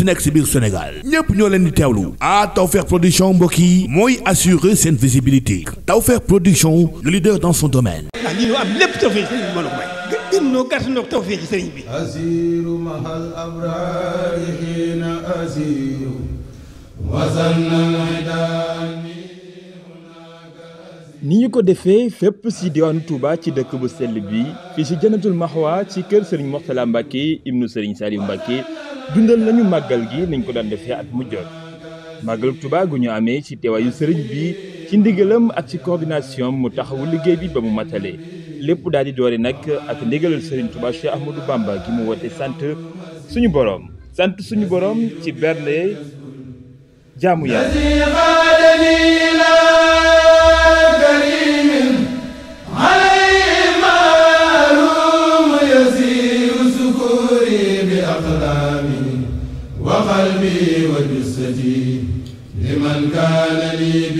mënti nekk si biir Sénégal ñépp ñoo leen di teewlu ah Tawfekh production mbokk yi mooy assurer seen visibilité Tawfekh production le leader dans son domaine. ah lii ñu am lépp Tawfekh sëriñ bi mbooloo mooy. gën gën ñoo gàtt ñoo bi. asiru mahal abrari hiina asiru wasan na ni ñu ko defee fépp si diwaanu Touba ci dëkk bu sell bi fii si Jannatul Mahwa ci kër Serigne Mourtala Mbacke ibnu Serigne Saliou Mbacke dundal nañu màggal gi nañ ko daan defee at mu jot màggalu Touba gu ñu amee ci teewaayu sëriñ bi ci ndigalam ak ci coordination mu taxawu liggéey bi ba mu matale lépp daal di doore nag ak ndigalal sëriñ Touba Cheikh Ahmadou Bamba gi mu woote sant suñu boroom sant suñu boroom ci bernde jaamu Yàlla كان لي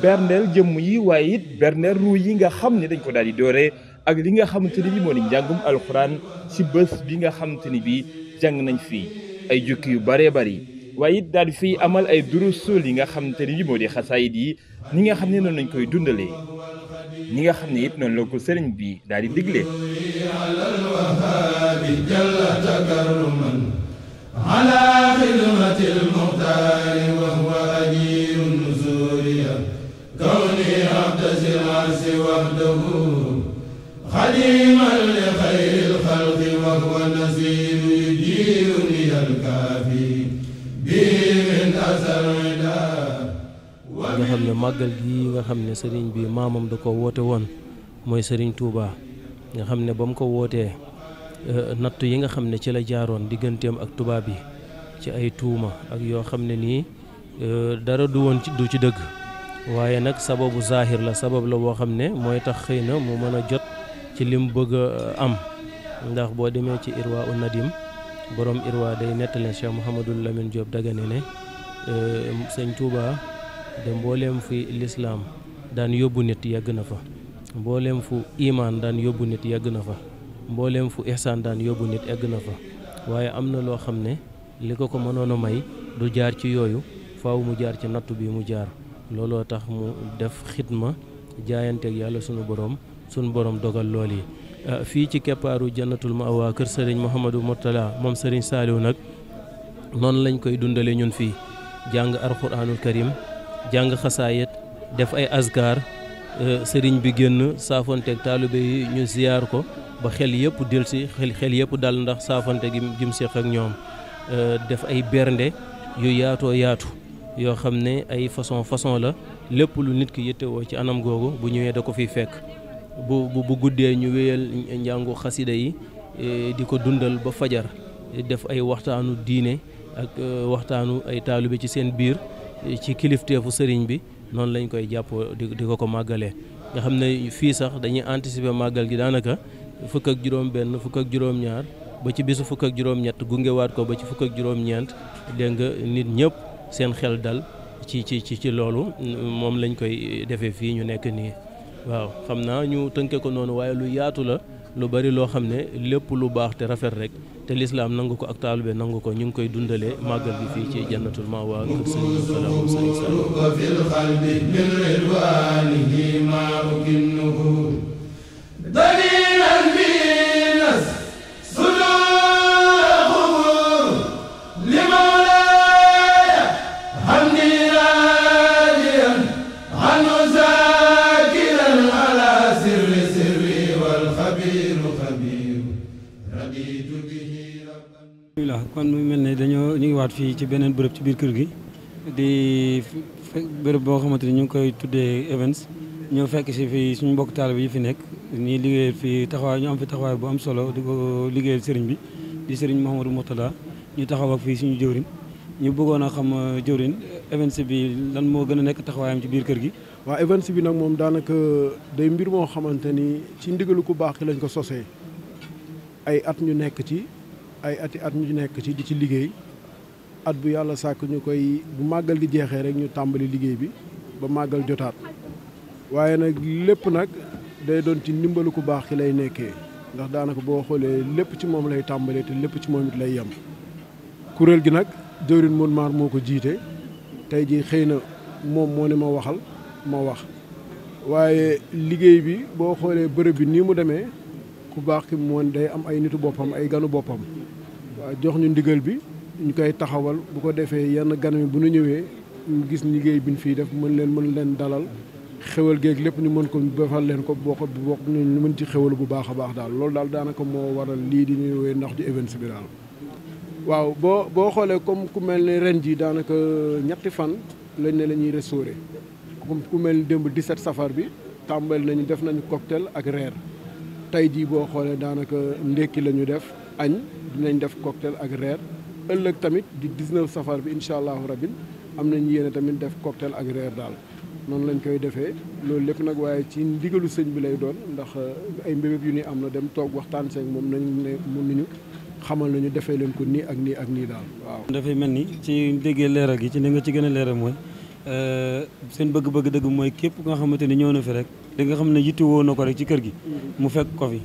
berndeel jëmm yi waaye it berndeel ruu yi nga xam ne dañ ko daal di doore ak li nga xamante ni bi moo di njàngum alxuraan ci bés bi nga xamante ni bi jàng nañ fi ay jukki yu bëree bëri waaye it daal di fiy amal ay durusul yi nga xamante ni bi moo di xasaayit yi ñi nga xam ne noonu lañ koy dundalee ñi nga xam ne it noonu la ko sëriñ bi daal di digle bi jalla takarruman ala xidmati almuxtaari wa huwa ajiru nusuuriya kawni abdasi larsi wahdahu xadiman li xayri lxalqi wa huwa nasiru yujiruni alkaafi bihi min asarida nga xam ne màggal gi nga xam ne sëriñ bi maamam da ko woote woon mooy sëriñ Touba nga xam ne ba mu ko wootee Eh, natt yi nga xam ne ci la jaaroon digganteem ak tubaab yi ci ay tuuma ak yoo xam ne nii eh, dara du woon du ci dëgg waaye nag sababu zaahir la sabab la boo xam ne mooy tax xëy na mu mën a jot ci lim bëgg a eh, am ndax boo demee ci irwa u boroom borom irwa day nettali Cheikh Mouhamadul Lamine Diop dagane ne sëñ Touba de mbooleem fi lislaam daan yóbbu nit yàgg na fa mbooleem fu imaan daan yóbbu nit yàgg na fa mbooleem fu ihsaan daan yóbbu nit egg na fa waaye am na loo xam ne li ko ko mënoon a may du jaar ci yooyu faw mu jaar ci nattu bi mu jaar looloo tax mu def xidma jaayanteeg yàlla sunu borom sunu borom dogal lool yi ah, fii ci keppaaru janatul jannatul waa kër sëriñ Mouhamadou Mourtala moom sëriñ Saliou nag noonu lañ koy dundale ñun fii jàng alxuraanul karim jàng xasaayit def ay azkar Euh, sëriñ bi génn saafonteeg taalibe yi ñu ziyaar ko ba xel yëpp del si xel xel yëpp dal ndax saafonte gi jëm seex ak ñoom euh, def ay bernde yu yaatoo yaatu yoo xam ne ay façon façon la lépp lu nit ki yittewoo ci anam googu bu ñëwee da ko fiy fekk bu bu guddee ñu wéyal njàngu xasida yi euh, di ko dundal ba fajar def ay waxtaanu diine ak waxtaanu ay taalibe ci seen biir ci kilifteefu sëriñ bi noonu lañ koy jàppoo di di ko ko màggalee nga xam ne fii sax dañuy anticiper màggal gi daanaka fukk ak juróom-benn fukk ak juróom-ñaar ba ci bisu fukk ak juróom-ñett gungewaat ko ba ci fukk ak juróom-ñeent dégg nga nit ñëpp seen xel dal ci ci ci ci loolu moom lañ koy defee fii ñu nekk nii waaw xam naa ñu tënke ko noonu waaye lu yaatu la. lu bari loo xam ne lépp lu baax te rafet rek te lislaam nangu ko ak taalibe nangu ko ñu ngi koy dundalee màggal gi fii ci jannatul ma'wa kër sëriñ salaam sëriñ salaam fil qalbi min ridwanihi ma ukinnuhu dalilan fi nas waaw kon muy mel ni dañoo ñu ngi waat fii ci beneen bërëb ci biir kër gi di bërëb boo xamante ni ñu ngi koy tuddee events ñoo fekk si fii suñu mbokk taalibe yi fi nekk ñuy liggéeyal fii taxawaay ñu am fi taxawaay bu am solo di ko liggéeyal sëriñ bi di sëriñ Mouhamadou Mourtada ñu taxaw fii suñu jëwrin ñu bëggoon a xam uh, jëwrin events bi lan moo gën a nekk taxawaayam ci biir kër gi waa events bi nag moom daanaka day mbir moo xamante ni ci ndigalu ku baax ki lañ ko sosee ay at ñu nekk ci ay ati at ñu nekk ci di ci liggéey at bu yàlla sàkk ñu koy bu màggal di jeexee rek ñu tàmbali liggéey bi ba màggal jotaat waaye nag lépp nag day doon ci ndimbalu ku baax ki lay nekkee ndax daanaka boo xoolee lépp ci moom lay tàmbalee te lépp ci moom lay yem kuréel gi nag jëwrin mun maar moo ko jiite tey ji xëy na moom moo ne ma waxal ma wax waaye liggéey bi boo xoolee bërëb bi nii mu demee ku baax ki moom day am ay nitu boppam ay ganu boppam jox ñu ndigal bi ñu koy taxawal bu ko defee yenn gan mi bu ñu ñëwee ñu gis liggéey bi ñu fiy def mën leen mën leen dalal xewal géeg lépp ñu mën ko defal leen ko boo ko boo ñu mën ci xewal bu baax a baax daal loolu daal daanaka moo waral lii di ñuy woowee ndax ju events bi daal. waaw boo boo xoolee comme ku mel ne ren ji daanaka ñetti fan lañ ne la ñuy restauré comme ku mel ni démb di 17 safar bi tàmbali nañu def nañu cocktail ak reer tey jii boo xoolee daanaka ndékki la ñu def. añ dinañ def cocktail ak reer ëllëg tamit di 19 safar bi incha allahu rabin am nañ yéene tamit def cocktail ak reer daal noonu lañ koy defee loolu lépp nag waaye ci ndigalu sëñ bi lay doon ndax euh, ay mbébét yu ni am na dem toog waxtaan seeg moom nañ ne mun nañu xamal nañu defee leen ko nii ak nii ak nii daal waaw. dafay mel ni ci déggee leeral gi ci li nga ci gën a leeral mooy euh, seen bëgg-bëgg dëgg mooy képp nga xamante ni ñëw na fi rek. li nga xam ne yitti woo na ko rek ci kër gi mu fekk ko fi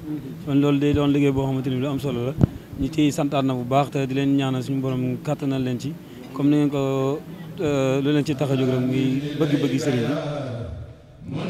kon loolu day doon liggéey boo xamante ni lu am solo la ñu ciy santaat na bu baax te di leen ñaanal suñu borom kàttanal leen ci comme ni ngeen ko euh, lu leen ci tax a jóg rek muy bëgg-bëgg sëriñ bi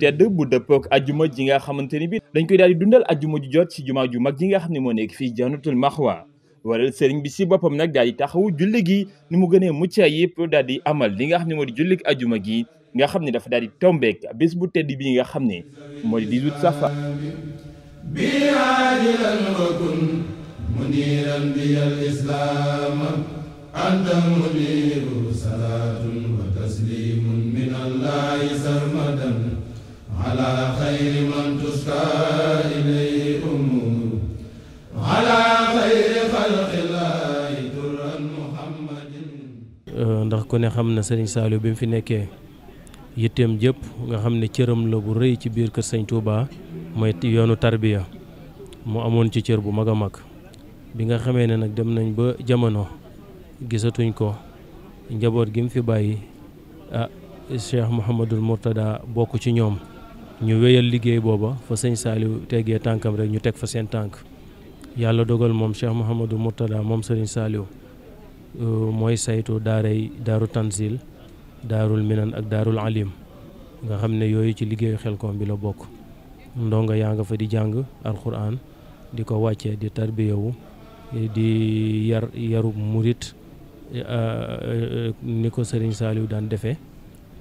tedd bu dëppook ajuma ji nga xamante ni bi dañ koy daal di dundal ajuma ju jot ci jumaa ju mag ji nga xam ne moo nekk fii janatul maxwa waral sëriñ bi si boppam nag daal di taxawu julli gi ni mu gënee mucc ayib daal di amal li nga xam ne moo di jullik ajuma gi nga xam ne dafa daal di tombeek bés bu tedd bi nga xam ne moo di 18 safar على خير من تسكى إليه أمور على خير خلق euh, ndax ku ne xam na Serigne Saliou bi mu fi nekkee yitteem jépp nga xam ne cëram la bu rëy ci biir kër Sëñ Touba mooy yoonu tarbiya mu amoon ci cër bu mag a mag bi nga xamee ne nag dem nañ ba jamono gisatuñ ko njaboot gi mu fi bàyyi ah Cheikh Mouhamadul Mourtada bokk ci ñoom ñu weyal liggéey booba fa sëñ Saliou tegee tànkam rek ñu teg fa seen tànk yàlla dogal moom Cheikh Mouhamadou Mourtada moom sëriñ Saliou euh, mooy saytu daaray daaru Tanzil daarul Minan ak daarul Alim nga xam ne yooyu ci liggéeyu Xelcom bi la bokk ndongo yaa nga fa di jàng alxuraan di ko wàcce di tarbiyawu di yar yarub murit euh, euh, ni ko sëriñ Saliou daan defee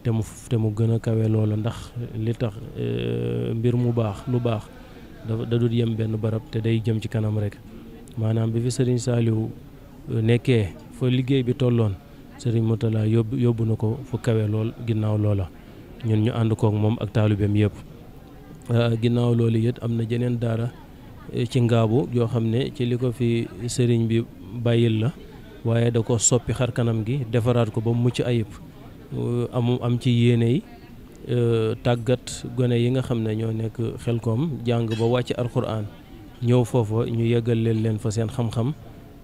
te mu te mu gën a kawe loola ndax li tax euh, mbir mu baax lu baax dafa da yem benn barab te day jëm ci kanam rek maanaam bi fi Serigne Saliou euh, nekkee fa liggéey bi tolloon Serigne Moutala yóbbu yóbbu na ko fu kawe lool ginnaaw loola ñun ñu ànd kook moom ak taalu bem yëpp. Euh, ginnaaw loolu it am na jeneen daara ci ngaabu yoo xam ne ci li ko fi Serigne bi bàyyil la waaye da ko soppi xar kanam gi defaraat ko ba mu mucc ayib. Euh, amu am ci yéene yi euh, tàggat gone yi nga xam ne ñoo nekk xel koom jàng ba wàcc alquran ñëw foofa ñu yeggal leen leen fa seen xam-xam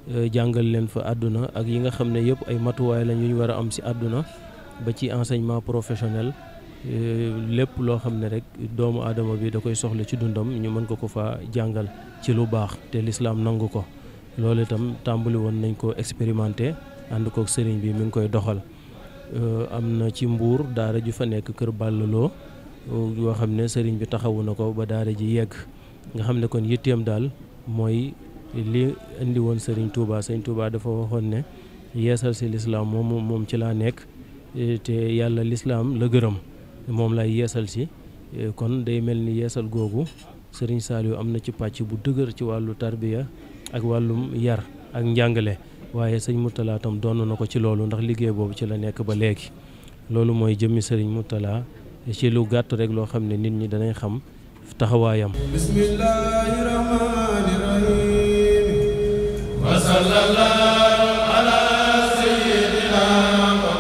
euh, jàngal leen fa àdduna ak yi nga xam ne yëpp ay matuwaay la ñu war a am si àdduna ba ci enseignement professionnel lépp loo xam ne rek doomu aadama bi da koy soxla ci dundam ñu mën ko ko fa jàngal ci lu baax te lislaam nangu ko loolu itam tàmbali woon nañ ko expérimenté ànd kook sëriñ bi mu ngi koy doxal Euh, am na ci mbuur daara ju fa nekk kër bàllaloo euh, yoo xam ne sëriñ bi taxawu na ko ba daara ji yegg nga xam ne kon yitteem daal mooy li indi woon sëriñ tuubaa sëriñ Touba dafa waxoon ne yeesal si lislaam moom moom ci laa nekk euh, te yàlla lislaam la gërëm moom lay yeesal si kon day mel ni yeesal googu sëriñ Saliou am na ci pàcc bu dëgër ci wàllu tarbiya ak wàllum yar ak njàngale waaye sëñ Mourtala tam na ko ci loolu ndax liggéey boobu ci la nekk ba léegi loolu mooy jëmmi sëriñ Mourtala ci lu gàtt rek loo xam ne nit ñi danañ xam taxawaayam bismillaahi rahmaani rahiim wa sallallaahu alaa sayyidinaa wa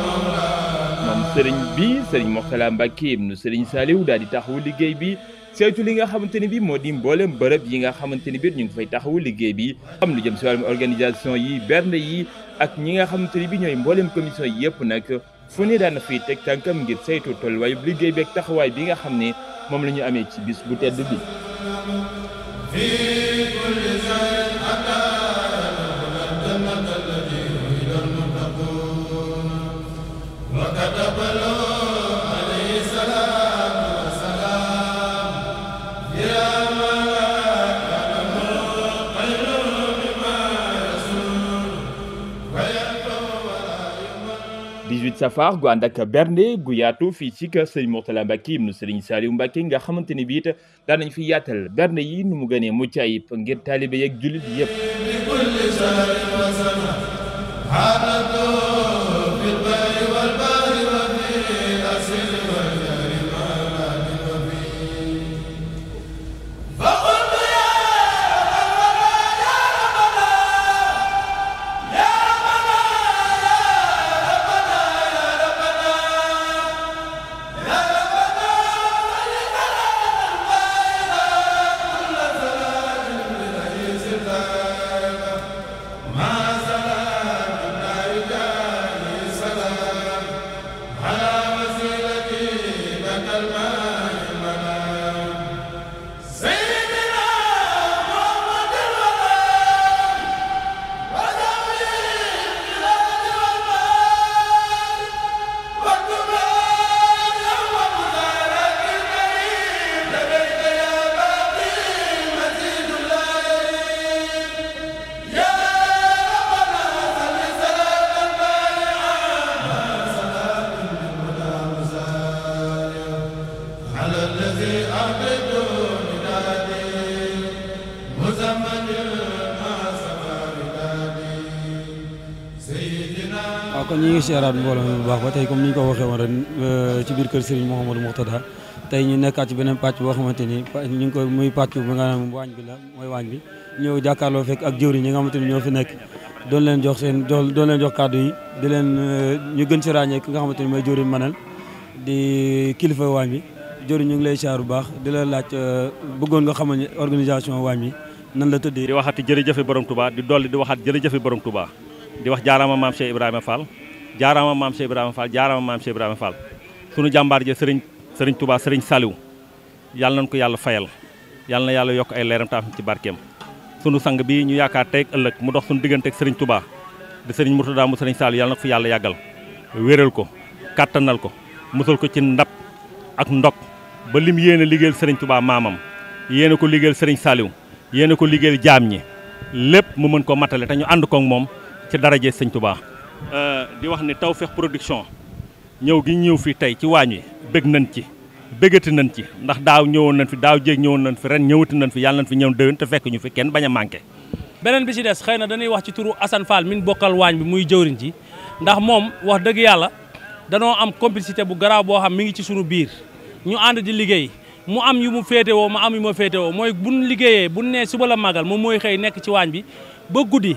moom sëriñ bi sëriñ Mourtala Mbàkke ibnu sëriñ Saaliw daal taxawu liggéey bi saytu li nga xamante ni bi moo di mbooleem bërëb yi nga xamante ni biir ñu ngi fay taxawu liggéey bi am lu jëm si wàllum organisation yi bernde yi ak ñi nga xamante ni bi ñooy mboolem commission yi yëpp nag fu ne daana fiy teg tànkam ngir saytu tolluwaayu liggéey bi ak taxawaay bi nga xam ne moom lañu amee ci bis bu tedd bi ak safar gu ànd ak bernde gu yaatu fii ci kër Serigne Mourtala Mbacke ibnu Serigne Saliou Mbacke nga xamante ni biit daan nañ fi yaatal bernde yi nu mu gënee mucc ayib ngir taalibe yeeg jullit yëpp. siyaaraat mbooloo mi bu baax ba tey comme ni ñu ko waxee woon ren euh, ci biir kër Serigne Mouhamadou Mourtada tey ñu nekkaat ci beneen pàcc boo xamante ni ñu ngi koy muy pàcc bi nga xam waañ bi la mooy waañ bi jàkkaarloo fekk ak jëwri ñi nga xamante ni ñoo fi nekk doon leen jox seen doon leen jox kàddu yi di leen euh, ñu gën si ràññee ki nga xamante ni mooy jëwri manal di kilifa waañ bi jëwri ñu ngi lay siyaar bu baax di la laaj euh, bëggoon nga xamal ne organisation waañ bi nan la tëddee di waxaat jërëjëfe borom tubaa di dolli di waxaat jërëjëfe borom Touba di wax jaaraama maam Cheikh Ibrahima Fall jaaraama maam Cheikh Ibrahima Fall jaaraama maam Cheikh Ibrahima Fall sunu jàmbaar ja sëriñ sëriñ Touba sëriñ Saliou yàlla nañ ko yàlla fayal yàlla na yàlla yokk ay leeram taaf ci barkeem sunu sang bi ñu yaakaar tey ëllëg mu dox sunu diggante ak sëriñ Touba di sëriñ Mourtada mu sëriñ Saliou yàlla na ko fi yàlla yàggal wéral ko kattanal ko musal ko ci ndab ak ndog ba lim yéene liggéey sëriñ tubaa maamam yéene ko liggéeyal sëriñ Saliou yéene ko liggéey jaam ñi lépp mu mën ko matale te ànd koog moom ci daraje sëñ Touba Euh, di wax ni Tawfekh Production ñëw gi ñëw fii tey ci waañ wi bëgg nañ ci bëggati nañ ci ndax daaw ñëwoon nañ fi daaw jéeg ñëwoon nañ fi ren ñëwati nañ fi yàlla nañ fi ñëw déwén te fekk ñu fi kenn bañ a manqué beneen bi si des xëy na dañuy wax ci turu Assane Fall min bokkal waañ bi muy jëwriñ ji ndax moom wax dëgg yàlla danoo am complicité bu garaaw boo xam mi ngi ci suñu biir ñu ànd di liggéey mu am yu mu féete woo ma am yu ma féetewoo mooy buñ liggéeyee buñ nee suba la màggal moom mooy xëy nekk ci waañ bi ba guddi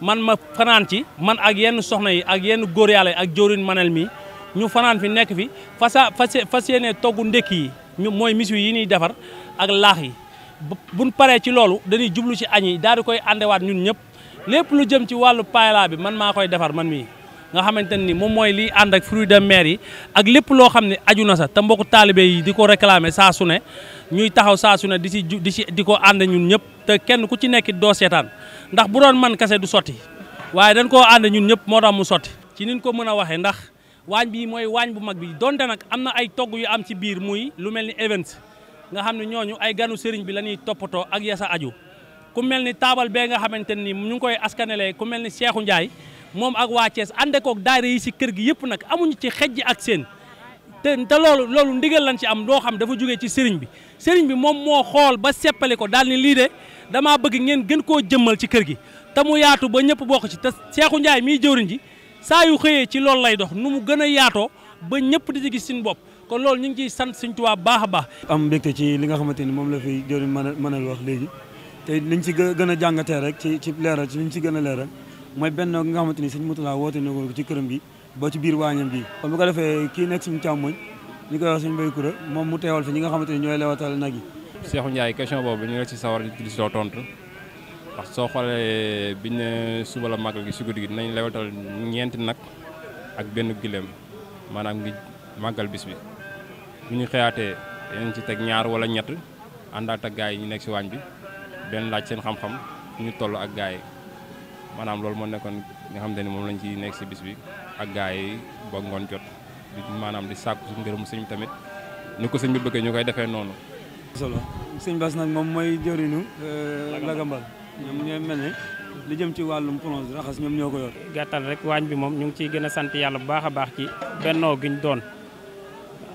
man ma fanaan ci man ak yenn soxna yi ak yenn góor yàlla yi ak jóorin manel mi ñu fanaan fi nekk fi fasa fas e, fas yéene togg ndekk yi ñu mooy misu yi ñuy defar ak laax yi buñ paree ci loolu dañuy jublu ci añ yi daal di koy àndewaat ñun ñëpp lépp lu jëm ci wàllu paella bi man maa koy defar man mii nga xamante ni moom mooy liy ànd ak fruits de yi ak lépp loo xam ne aju na te mbokku taalibe yi di ko réclamer saa su ne ñuy taxaw saa su ne di si di si di ko ànd ñun ñëpp te kenn ku ci nekk doo seetaan ndax bu doon man kese du sotti waaye dañ koo ànd ñun ñëpp moo tax mu sotti ci niñ ko mën a waxe ndax waañ bi mooy waañ bu mag bi donte nag am na ay togg yu am ci biir muy lu mel ni event nga xam ne ñooñu ay ganu sëriñ bi la ñuy toppatoo ak yasa aju ku mel ni taabal bee nga xamante ni ñu ngi koy askanelee ku mel ni Cheikhou Ndiaye moom ak waa Thiès ànde koog daayira yi si kër gi yëpp nag amuñu ci xejj ak seen te te loolu loolu ndigal lañ ci am doo xam dafa jógee ci sëriñ bi sëriñ bi moom moo xool ba seppali ko daal ni damaa bëgg ngeen gën koo jëmmal ci kër gi te mu yaatu ba ñëpp ko ci te Seexu Njaay mii jëwriñ ji saa yu xëyee ci loolu lay dox nu mu gën a yaatoo ba ñëpp di ci gis suñu bopp kon loolu ñu ngi ciy sant Sëñ Tuubaa baax baax am mbégte ci li nga xamante ni moom la fi jëwriñ mën a mënal wax léegi te liñ ci gën a jàngatee rek ci ci leeral ci liñ ci gën a leeral mooy benn nga xamante ni Sëñ Mutulaa woote na ko ci kër bi boo ci biir waañam bi kon bu ko defee kii nekk suñu càmmoñ ñu koy wax suñu béykura moom mu teewal fi ñi nga xamante ni ñooy lewatal nag yi Cheikhou Ndiaye question boobu ñu ngi la ci sawar di soo tontu ndax soo xoolee biñ ne suba la màggal gi si guddi gi dinañ lewatal ñeenti nag ak benn giléem maanaam ngi màggal bis bi. bu ñu xëyaatee yeneen ci teg ñaar wala ñett àndaat ak yi ñu nekk si waañ bi benn laaj seen xam-xam ñu toll ak gaa yi maanaam loolu moo nekkoon nga xam te ni moom lañ ci nekk si bis bi ak gaa yi ba ngoon jot di maanaam di sàkku si ngërëm sëñ tamit ni ko sëñ bi bëggee ñu koy defee noonu. solo sëñ Bass nag moom mooy jëriñu euh, Lagambal ñoom ñooy mel ne li jëm ci wàllum plonge raxas ñoom ñoo ko yoon gàttal rek waañ bi moom ñu ngi ciy gën a sant yàlla bu baax baax ci bennoo gi ñu doon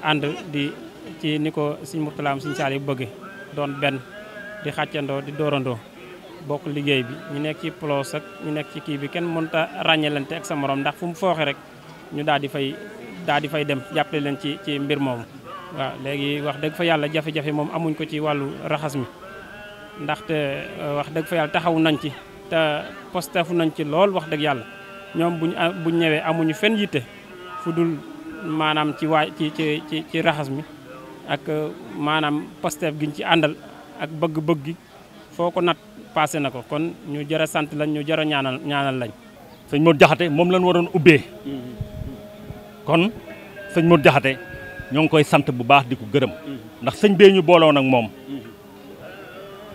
ànd di ci ni ko sëñ Murtalaam sëñ Saali bëgge doon benn di xàccandoo di doorandoo bokk liggéey bi ñu nekk ci plonge ak ñu nekk ci kii bi kenn mënut a ràññeelante ak sa moroom ndax fu mu fooxe rek ñu daal di fay daal di fay dem jàppale leen ci ci mbir moomu waaw léegi wax dëgg fa yàlla jafe-jafe moom amuñ ko ci wàllu raxas mi ndaxte euh, wax dëgg fa yàlla taxaw nañ ci te postafu nañ ci lool wax dëgg yàlla ñoom buñ euh, buñ ñëwee amuñu fenn yitte fu dul maanaam ci waa ci ci ci ci raxas mi ak euh, maanaam postef giñ ci àndal ak bëgg-bëgg gi foo ko nat passé na ko kon ñu jara sant lañ ñu jara ñaanal ñaanal lañ sëñ Modou Jaxate moom lañ waroon ubbee mm-hmm. kon sëñ Modou Jaxate ñoo ngi koy sant bu baax di ko gërëm ndax sëñ bee ñu booloon ak moom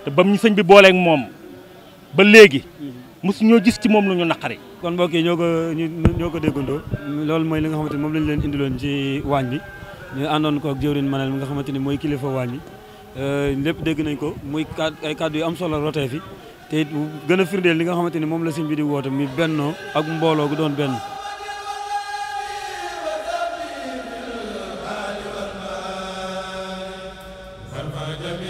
te ba ñu sëñ bi booleek moom ba léegi mosu ñoo gis ci moom lu ñu naqari. kon mbokk yi ñoo ko ñoo ko déggandoo loolu mooy li nga xamante ni moom lañ leen indiloon ci waañ bi ñu àndoon ko ak jëwriñ mi nga xamante ni mooy kilifa waañ bi euh, lépp dégg nañ ko muy ay kàddu yu am solo rotee fi te gën a firndeel li xamante ni moom la sëñ bi di woote mi bennoo ak mbooloo gu doon benn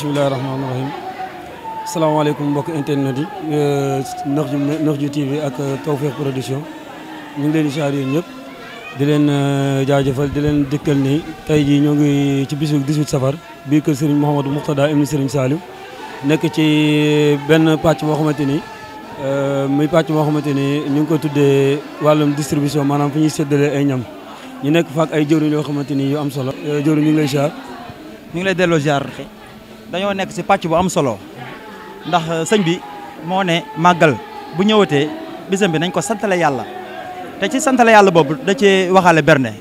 bisimilahi rahmaani rahim salaamaaleykum mbokk internet yi euh, Nox ju Nox ju TV ak euh, Tawfekh Production ñu ngi leen di saar yéen ñëpp di leen euh, jaajëfal di leen dikkal nii tey jii ñoo ngi ci bisu 18 safar bii kër Serigne Mouhamadou Mouxtada ibn Serigne Saliou nekk ci benn pàcc moo xamante ni muy pàcc moo xamante ni ñu ngi ko tuddee wàllum distribution maanaam fi ñuy séddalee ay ñam ñu nekk faak ay jëwriñ yoo xamante ni yu am solo jëwriñ ñu ngi lay ziar ñu ngi lay delloo ziar dañoo nekk si pàcc bu am solo ndax euh, sëñ bi moo ne màggal bu ñëwatee bisam bi nañ ko santale yàlla te ci santale yàlla boobu da cee waxaale berne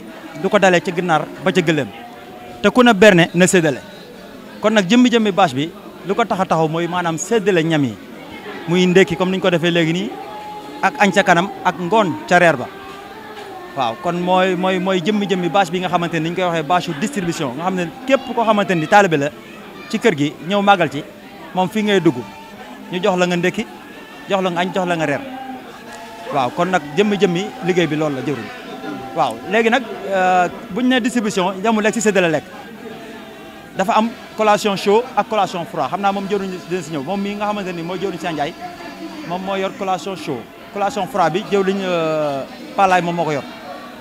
du ko dalee ci ginaar ba ca gëléem te ku ne berne na séddale kon nag jëmmi jëmmi bâche bi lu ko tax a taxaw mooy maanaam séddale ñam yi muy ndékki comme niñ ko defee léegi nii ak añ kanam ak ngoon ca ba waaw kon mooy mooy mooy jëmmi jëmmi bâche bi nga xamante ni ñu koy waxee bâche distribution nga xam ne képp koo xamante ni taalibe la. ci kër gi ñëw màggal ci moom fii ngay dugg ñu jox la nga ndekki jox la nga añ jox la nga reer waaw kon nag jëmmi-jëmmi liggéey bi loolu la jëruñ waaw léegi nag euh, bu ñu nee distribution yamul lekk si séddale lekk dafa am collation chaud ak xam naa moom jëruñ dina ñëw moom mii nga xamante ni mooy jëruñ si Njaay moom moo yor collation chaud collation froid bi jëw liñ euh, palaay moom moo ko yor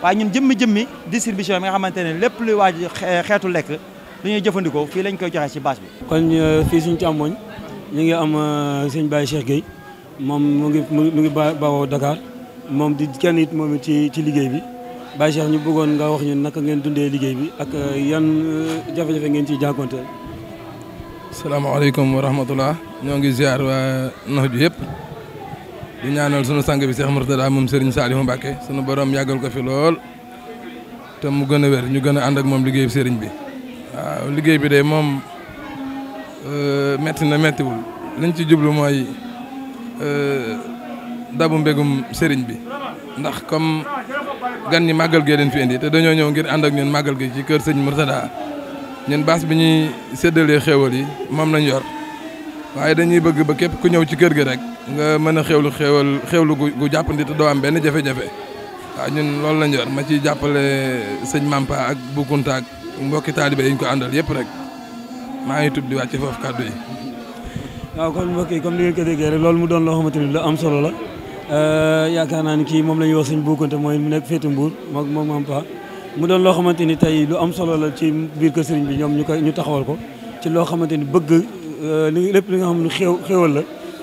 waaye ñun jëmmi-jëmmi bi nga xamante ne lépp luy waaj xeetu lekk li jëfandikoo fii lañ koy joxe ci bâche bi. kon euh, fii suñ ci amoon ñu ngi am euh, sëñ Baye Cheikh Gueye moom mu ngi mu ngi bawoo Dakar moom di kenn it moom ci ci liggéey bi Baye Cheikh ñu bëggoon nga wax ñu naka ngeen dundee liggéey bi ak euh, yan jafe-jafe ngeen ci jànkuwanteel. salaamaaleykum wa rahmatullah ñoo ngi ziar waa nox ju yëpp di ñaanal sunu sang bi Cheikh Mourtada moom Serigne Saliou Mbacké sunu boroom yàggal ko fi lool te mu gën a wér ñu gën a ànd ak moom liggéey bi Serigne bi. waaw liggéey bi de moom euh, metti na mettiwul liñ ci jublu mooy euh, dabu mbégum sëriñ bi ndax comme gan ñi màggal gee leen fi te dañoo ñëw ngir ànd ak ñun màggal gi ci kër sëñ Murtada ñun baas bi ñuy séddalee xéewal yi moom lañ yor waaye dañuy bëgg ba képp ku ñëw ci kër gi rek nga mën a xewlu xéewal xéewlu gu jàppandi te doo am benn jafe-jafe waaw ñun loolu lañ yor ma ciy jàppale sëñ Mampa ak Bukunta mbokki taalibe yi ñu ko àndal yëpp rek maa ngi tudd di wàcc foofu kàddu yi. waaw kon mbokk yi comme ni ngeen ko déggee rek loolu mu doon loo xamante ni lu am solo la euh, yaakaar naa ni kii moom la ñuy wax sëñ Bou mooy mu nekk féete Mbour moom moom am pa mu doon loo xamante ni tey lu am solo la ci biir kër sëriñ bi ñoom ñu koy ñu taxawal ko ci loo xamante ni bëgg euh, li lépp li nga xam ne xew xéwal la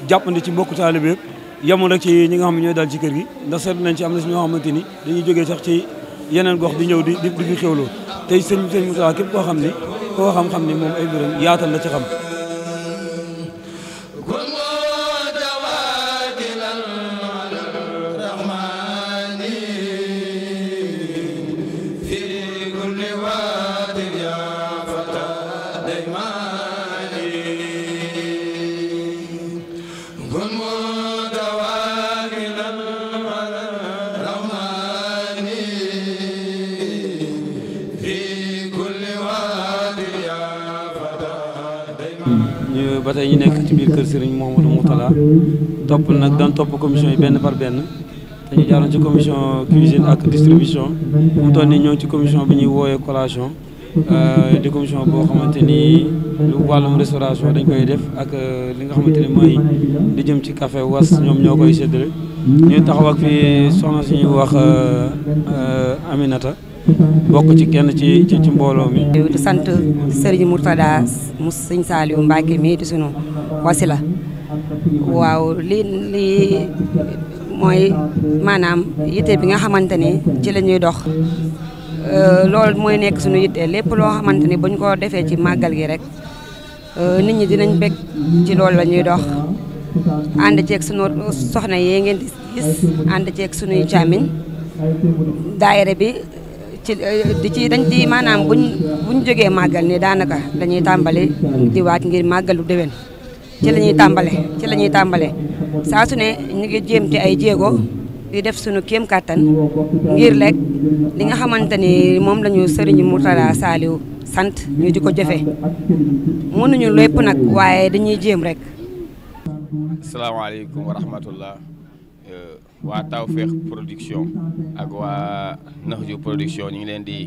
jàppandi ci mbokku taalibe yëpp yemul rek ci ñi nga xam ne ñooy daal ci kër gi ndax seetlu nañ ci am na si ñoo xamante ni dañuy jógee sax ci yeneen gox di ñëw di di fi xéwloo tey sëñ sëñ Moussa képp koo xam ni koo xam-xam ni moom ay mbiram yaatal la ci xam tey ñu nekk ci biir kër sëriñ Mouhamadou Moutala topp nag daan topp commission yi benn par benn te ñu jaaroon ci commission cuisine ak distribution fu mu toll nii ñoo ci commission bi ñuy wooyee collation euh, di commission boo xamante ni lu wàllum restauration dañ koy def ak euh, li nga xamante ni mooy di jëm ci café was ñoom ñoo koy séddale ñuy taxaw ak fii soxna suñuy wax euh, Aminata bokk ci kenn ci ci mbooloo mi. sant Serigne Mourtada mu sëñ Saliou Mbacke mii di sunu wasila waaw lii li mooy maanaam yitte bi nga xamante ni ci lañuy dox euh, loolu mooy nekk suñu yitte lépp loo xamante ni buñ ko defee ci màggal gi rek euh, nit ñi dinañ bég ci loolu la ñuy dox ànd ceeg sunu soxna yee ngeen di gis ànd ceeg sunuy càmmiñ daayira bi ci di ci dañ di maanaam buñ buñ jógee màggal ni daanaka lañuy tàmbali di waaj ngir màggalu déwén ci lañuy tàmbale ci lañuy tàmbale saa su ne ñu ngi jéem ci ay jéego di def suñu kéem kàttan ngir lekk li nga xamante ni moom la ñu mu Mourtada Saliou sant ñu di ko jëfe mënuñu lépp nag waaye dañuy jéem rek asalaamaaleykum wa rahmatullah euh, waa Tawfekh production ak waa Naxju production ñu ngi leen di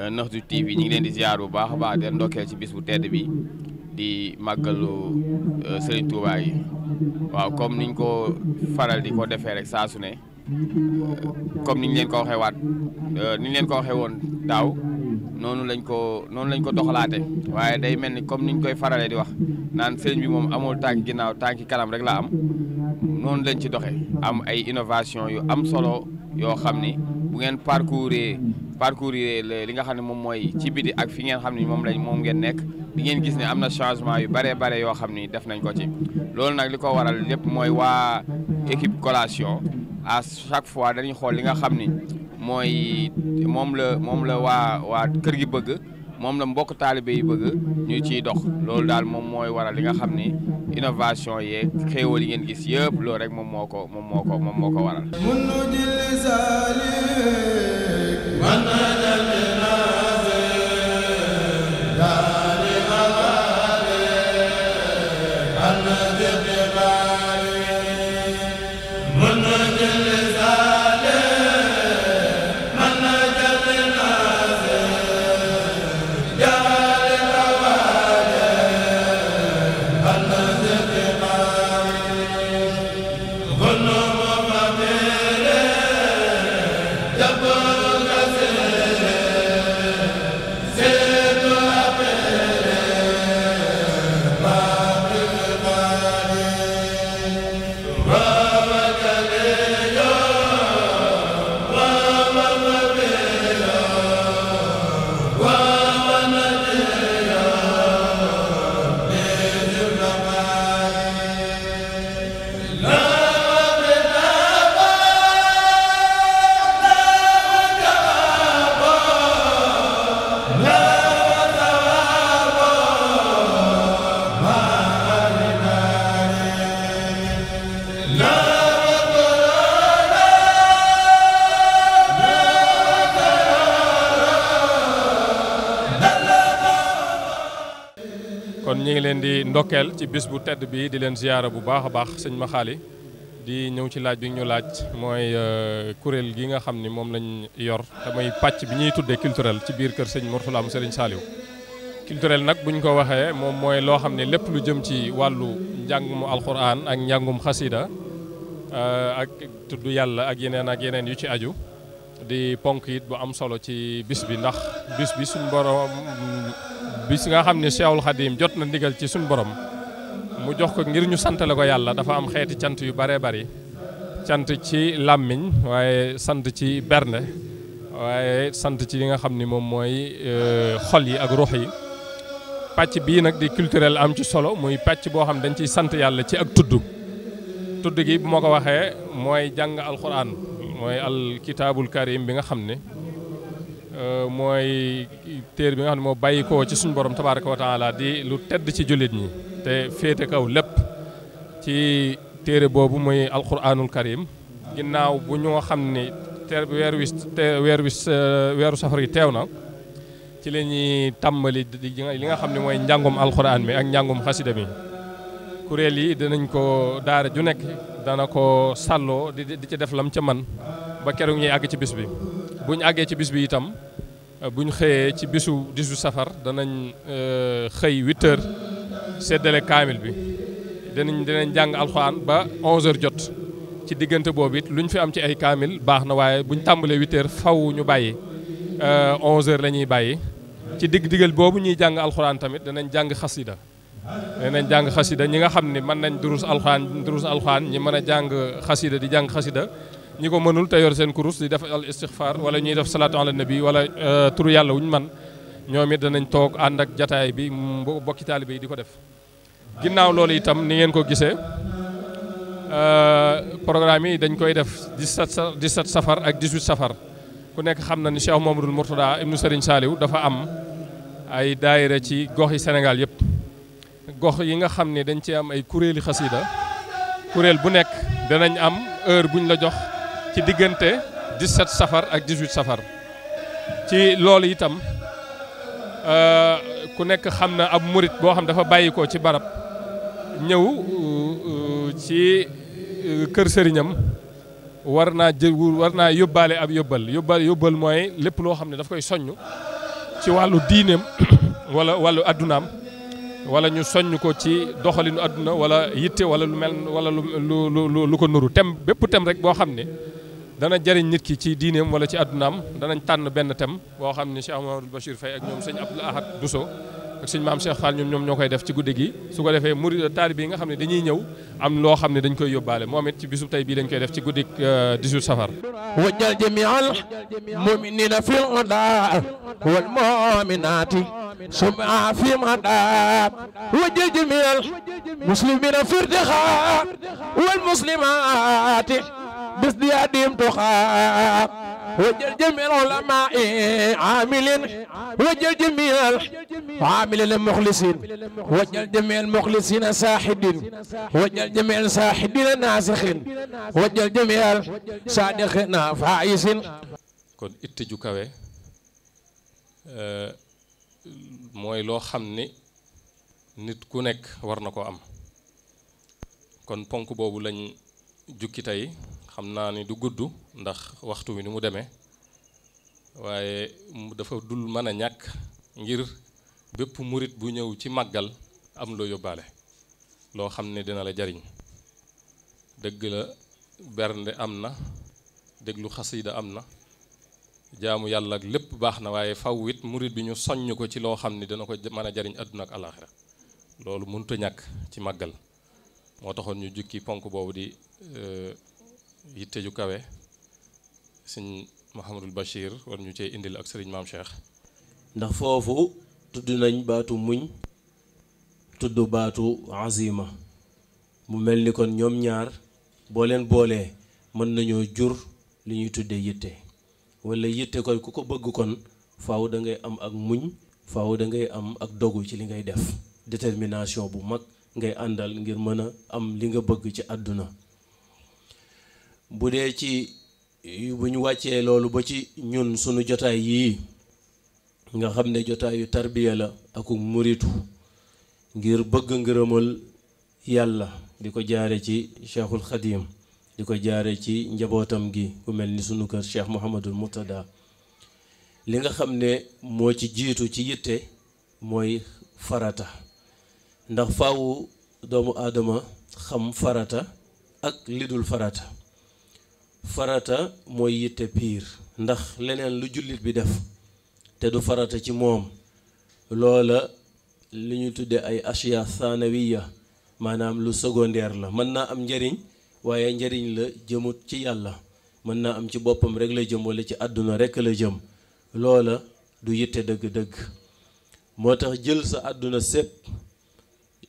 euh, Naxju TV ñu ngi leen di ziar bu baax a baax di ndokkeel ci bis bu tedd bi di màggalu euh, Serigne Touba yi waaw comme niñ ko faral di ko defee rek saa su ne euh, comme niñ leen ko waxee waat niñ leen ko waxee woon daaw. noonu lañ ko noonu lañ ko doxalaate waaye day mel ni comme niñ koy faralee di wax naan sëriñ bi moom amul tànk ginnaaw tànki kanam rek la am noonu lañ ci doxe am ay innovation yu am solo yoo xam ni bu ngeen parcourir le li nga xam ne moom mooy ci biti ak fi ngeen xam ni moom lañ moom ngeen nekk di ngeen gis ne am na changement yu bare bare yoo xam ni def nañ ko ci loolu nag li ko waral lépp mooy waa équipe collation a chaque fois dañuy xool li nga xam ni mooy moom la moom la waa waa kër gi bëgg moom la mbokk taalibe yi bëgg ñu ciy dox loolu daal moom mooy waral li nga xam ni innovation yeeg xéewal yi ngeen gis yëpp loolu rek moom moo ko moom moo ko moom moo ko waral ndokkeel ci bis bu tedd bi di leen ziyaara bu baax a baax sëñ Maxaali di ñëw ci laaj bi ñu laaj mooy euh, kuréel gi nga xam ni moom lañ yor te mooy pàcc bi ñuy tuddee culturel ci biir kër sëñ Mourtala mu sëriñ Saaliw culturel nag buñ ko waxee moom mooy loo xam ne lépp lu jëm ci wàllu njàngum alquran ak njàngum xasida euh, ak tudd yàlla ak yeneen ak yeneen yu ci aju di ponk bu am solo ci bis bi ndax bis bi suñ borom si nga xam ne Cheikhul Khadim jot na ndigal ci suñu borom mu jox ko ngir ñu santale ko yàlla dafa am xeeti cant yu baree bari cant ci làmmiñ waaye sant ci berne waaye sant ci li nga xam ni moom mooy euh, xol yi ak ruux yi pàcc bii nag di culturel am ci solo muy pàcc boo xam dañ ciy sant yàlla ci ak tudd tudd gi bu ma ko waxee mooy jàng alquran mooy al kitaabul karim bi nga xam ne Euh, mooy téer bi nga xam ne moo bàyyi koo ci suñu borom tabaaraka wa taala di lu tedd ci jullit ñi te féete kaw lépp ci téere boobu muy alquranul karim ginnaaw bu ñoo xam ni teer weer wis weer wis euh, weeru safar yi teew na ci la ñuy tàmbali li nga xam ne mooy njàngum alquran bi ak njàngum xasida bi kuréel yi danañ ko daara ju nekk dana ko sàlloo di di ci def lam ca man ba keroog ñuy àgg ci bis bi buñ àggee ci bis bi itam bu ñu xëyee ci bisu disu safar danañ euh, xëy 8 heures seddale kaamil bi danañ danañ jàng alxuraan ba 11 heures jot ci diggante boobu it lu ñu fi am ci ay kaamil baax na waaye bu ñu tàmbalee 8 faw ñu bàyyi 11 euh, heures la ñuy bàyyi ci digg diggal boobu ñuy jàng alxuraan tamit danañ jàng xasida danañ jàng xasida ñi nga xam ne mën nañ durus alxuraan durus alxuraan ñi mën a jàng xasida di jàng xasida ñi ko mënul te seen kurus di def al istixfaar wala ñuy def salaatu ala nabi wala euh, turu yàlla wuñ man ñoom it danañ toog ànd ak jataay bi bokki taalibe yi di ko def ginnaaw loolu itam ni ngeen ko gisee euh, programme yi dañ koy def 17 17 safar ak 18 safar ku nekk xam na ni Cheikh Mamadou Mourtada ibnu Serigne saaliw dafa am ay daayira ci gox yi Sénégal yëpp gox yi nga xam ni dañ ci am ay kuréeli xasida kuréel bu nekk danañ am heure buñ la jox ci diggante 17 safar ak 18 safar ci loolu itam euh, ku nekk xam na ab morit boo xam ne dafa bàyyi ko ci barab ñëw euh, ci euh, kër sëriñam war naa jël war naa yóbbaale ab yóbbal yóbbal yóbbal mooy lépp loo xam ne dafa koy soññ ci wàllu diineem wala wàllu àddunaam wala ñu soññ ko ci doxalinu àdduna wala yitte wala lu mel wala lu lu lu ko nuru tem bépp tem rek boo xam ne dana jëriñ nit ki ci diineem wala ci àddunaam danañ tànn benn tem boo xam ne Cheikh Mouhamadul Bachir Faye ak ñoom sëñ Abdoul Ahad Bousso ak sëñ maam Cheikh Fall ñoom ñoom ñoo koy def ci guddi gi su ko defee murid taalibe yi nga xam ne dañuy ñëw am loo xam ne dañ koy yóbbaale moom it ci bisub tey bii dañ koy def ci guddi 18 euh, safar wajjal jamial muminina fil oda wal muminati suma fi mada wajjal jamial muslimina firdixa wal muslimati بسدي أديم تخاء وجل جميع العلماء عاملين وجل جميع عامل المخلصين وجل جميع المخلصين ساحدين وجل جميع الساحدين ناسخين وجل جميع صادقين فايزين kon itte ju kawe mooy loo xam ni nit ku nekk war na ko am kon ponk boobu lañ jukki tey xam naa ni du gudd ndax waxtu wi ni mu demee waaye dafa dul mën a ñàkk ngir bépp murit bu ñëw ci màggal am loo yóbbaale loo xam ne dina la jariñ dëgg la bernde am na déglu xasida am na jaamu yàlla ak lépp baax na waaye faw it murit bi ñu soññ ko ci loo xam ne dana ko mën a jariñ àdduna ak alaaxira loolu mënut a ñàkk ci màggal moo taxoon ñu jukki ponk boobu di euh, yitte ju kawe sëñ Mouhamadul Bachir war ñu cee indil ak sëriñ maam Cheikh. ndax foofu tudd nañ baatu muñ tudd baatu azima mu mel ni kon ñoom ñaar boo leen boolee mën nañoo jur li ñuy tuddee yitte walla yitte kon ku ko bëgg kon faw da am ak muñ faaw da ngay am ak dogu ci li ngay def détermination bu mag ngay àndal ngir mën a am li nga bëgg ci àdduna bu dee ci bu wàccee loolu ba ci ñun sunu jotaay yii nga xam ne jotaayu tarbiya la aku muritu ngir bëgg ngërëmal yàlla di ko jaare ci cheikhul xadim di ko jaare ci njabootam gi ku mel ni sunu kër cheikh Mouhamadul Murtada li nga xam ne moo ci jiitu ci yitte mooy farata ndax fawu doomu aadama xam farata ak li farata farata mooy yitte piir ndax leneen lu jullit bi def te du farata ci moom loola li ñu tudde ay ashiya sanawiya maanaam lu secondaire la mën naa am njariñ waaye njariñ la jëmut ci yàlla mën naa am ci boppam rek la jëm wala ci àdduna rekk la jëm loola du yitte dëgg-dëgg moo tax jël sa àdduna sépp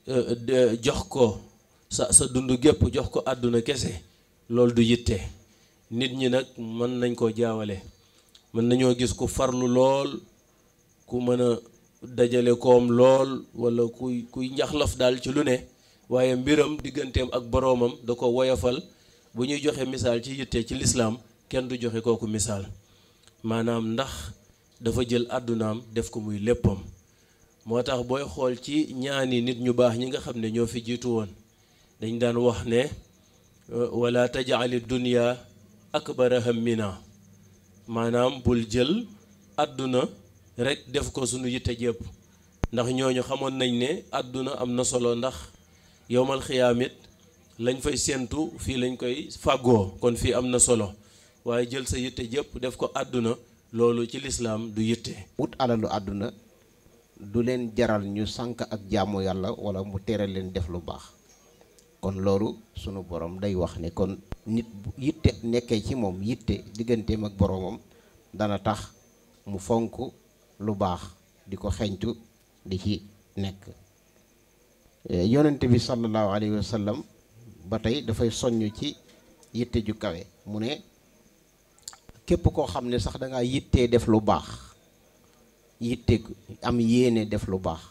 euh, jox ko sa sa dund gépp jox ko àdduna kese loolu du yitte nit ñi nag mën nañ koo jaawale mën nañoo gis ku farlu lool ku mën a dajale koom lool walla kuy kuy njaxlaf daal ci lu ne waaye mbiram digganteem ak boroomam da ko woyofal bu ñuy joxe misaal ci yitte ci lislaam kenn du joxe kooku misaal maanaam ndax dafa jël àddunaam def ko muy léppam moo tax booy xool ci ñaani nit ñu baax ñi nga xam ne ñoo fi jiitu woon dañ daan wax ne wala tajali dunia akbara hammina maanaam bul jël àdduna rek def ko sunu yitte jépp ndax ñooñu xamoon nañ ne àdduna am na solo ndax yowmal xiyaamit lañ fay séentu fii lañ koy faggoo kon fii am na solo waaye jël sa yitte jépp def ko àdduna loolu ci lislaam du yitte wut alalu àdduna du leen jaral ñu sànk ak jàmm yàlla wala mu tere leen def lu baax kon loolu sunu borom day wax ne kon nit yitte nekkee ci moom yitte digganteem ak boroomam dana tax mu fonk lu baax di ko xeñtu di ci nekk yonent bi sallallahu alayhi wa sallam ba tey dafay soññ ci yitte ju kawe mu ne képp koo xam ne sax da ngaa yittee def lu baax yitte am yéene def lu baax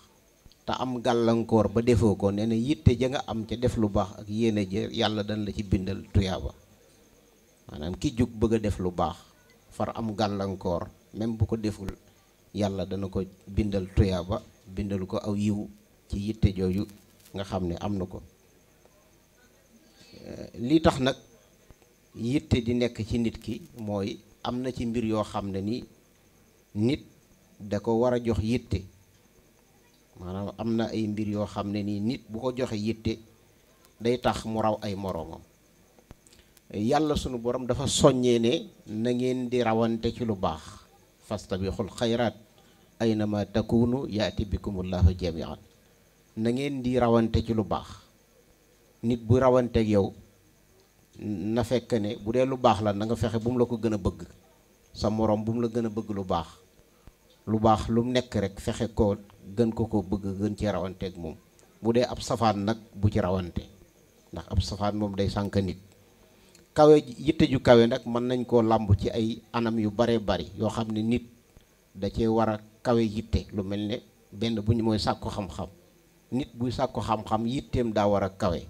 te am gàllankoor ba defoo ko nee na yitte ja nga am ca def lu baax ak yéene ja yàlla dañ la ci bindal tuyaaba maanaam ki jug bëgg a def lu baax far am gàllankoor même bu ko deful yàlla dana ko bindal tuyaaba bindal ko aw yiw ci yitte jooju nga xam ne am na ko eh, lii tax nag yitte di nekk ci nit ki mooy am na ci mbir yoo xam ne ni nit da ko war a jox yitte maanaam am na ay mbir yoo xam ne nii nit bu ko joxe yitte day tax mu raw ay moroomam yàlla sunu borom dafa soññee ne na ngeen di rawante ci lu baax fastabiqul xayraat aynama takunu yaati bikumullahu jamian na ngeen di rawante ci lu baax nit bu rawanteeg yow na fekk ne bu dee lu baax la na nga fexe bu mu la ko gën a bëgg sa moroom bu mu la gën a bëgg lu baax lu baax lu nekk rek fexe ko gën ko ko bëgg gën ci rawanteeg moom bu dee ab safaan nag bu ci rawante ndax ab safaan moom day sànk nit kawe yitte ju kawe nag mën nañ koo làmb ci ay anam yu bare bari yoo xam ne nit da cee war a kawe yitte lu mel ne benn bu ñu mooy sàkku xam-xam nit buy sàkku xam-xam yitteem daa war a kawe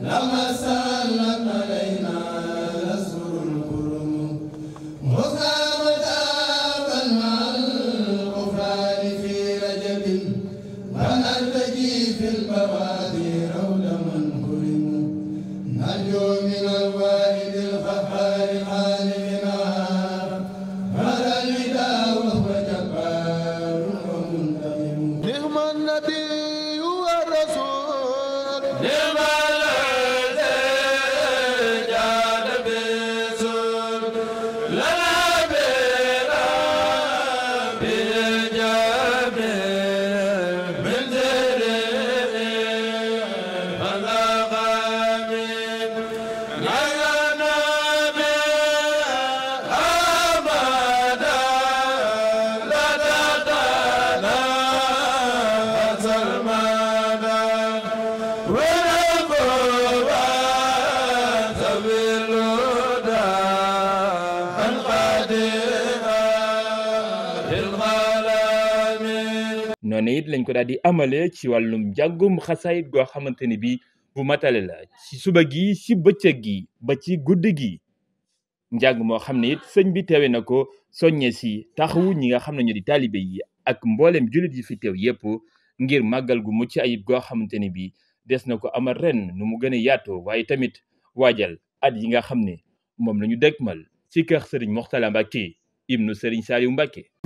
la noonu it lañ ko daal di amale ci wàllum jàngum xasaayit goo xamante ni bi bu matale la ci suba gi ci bëccëg gi ba ci gudd gi njàng moo xam ne it sëñ bi teewe na ko soññe si taxawu ñi nga xam ne ñu di taalibe yi ak mbooleem jullit yi fi teew yépp ngir màggal gu mucc ayib goo xamante ni bi des na ko amal ren nu mu gën a yaatoo waaye tamit waajal at yi nga xam ne moom la ñu dëgmal ci kër sëriñ Moxtala Mbàkke ibnu sëriñ Saaliw Mbàkke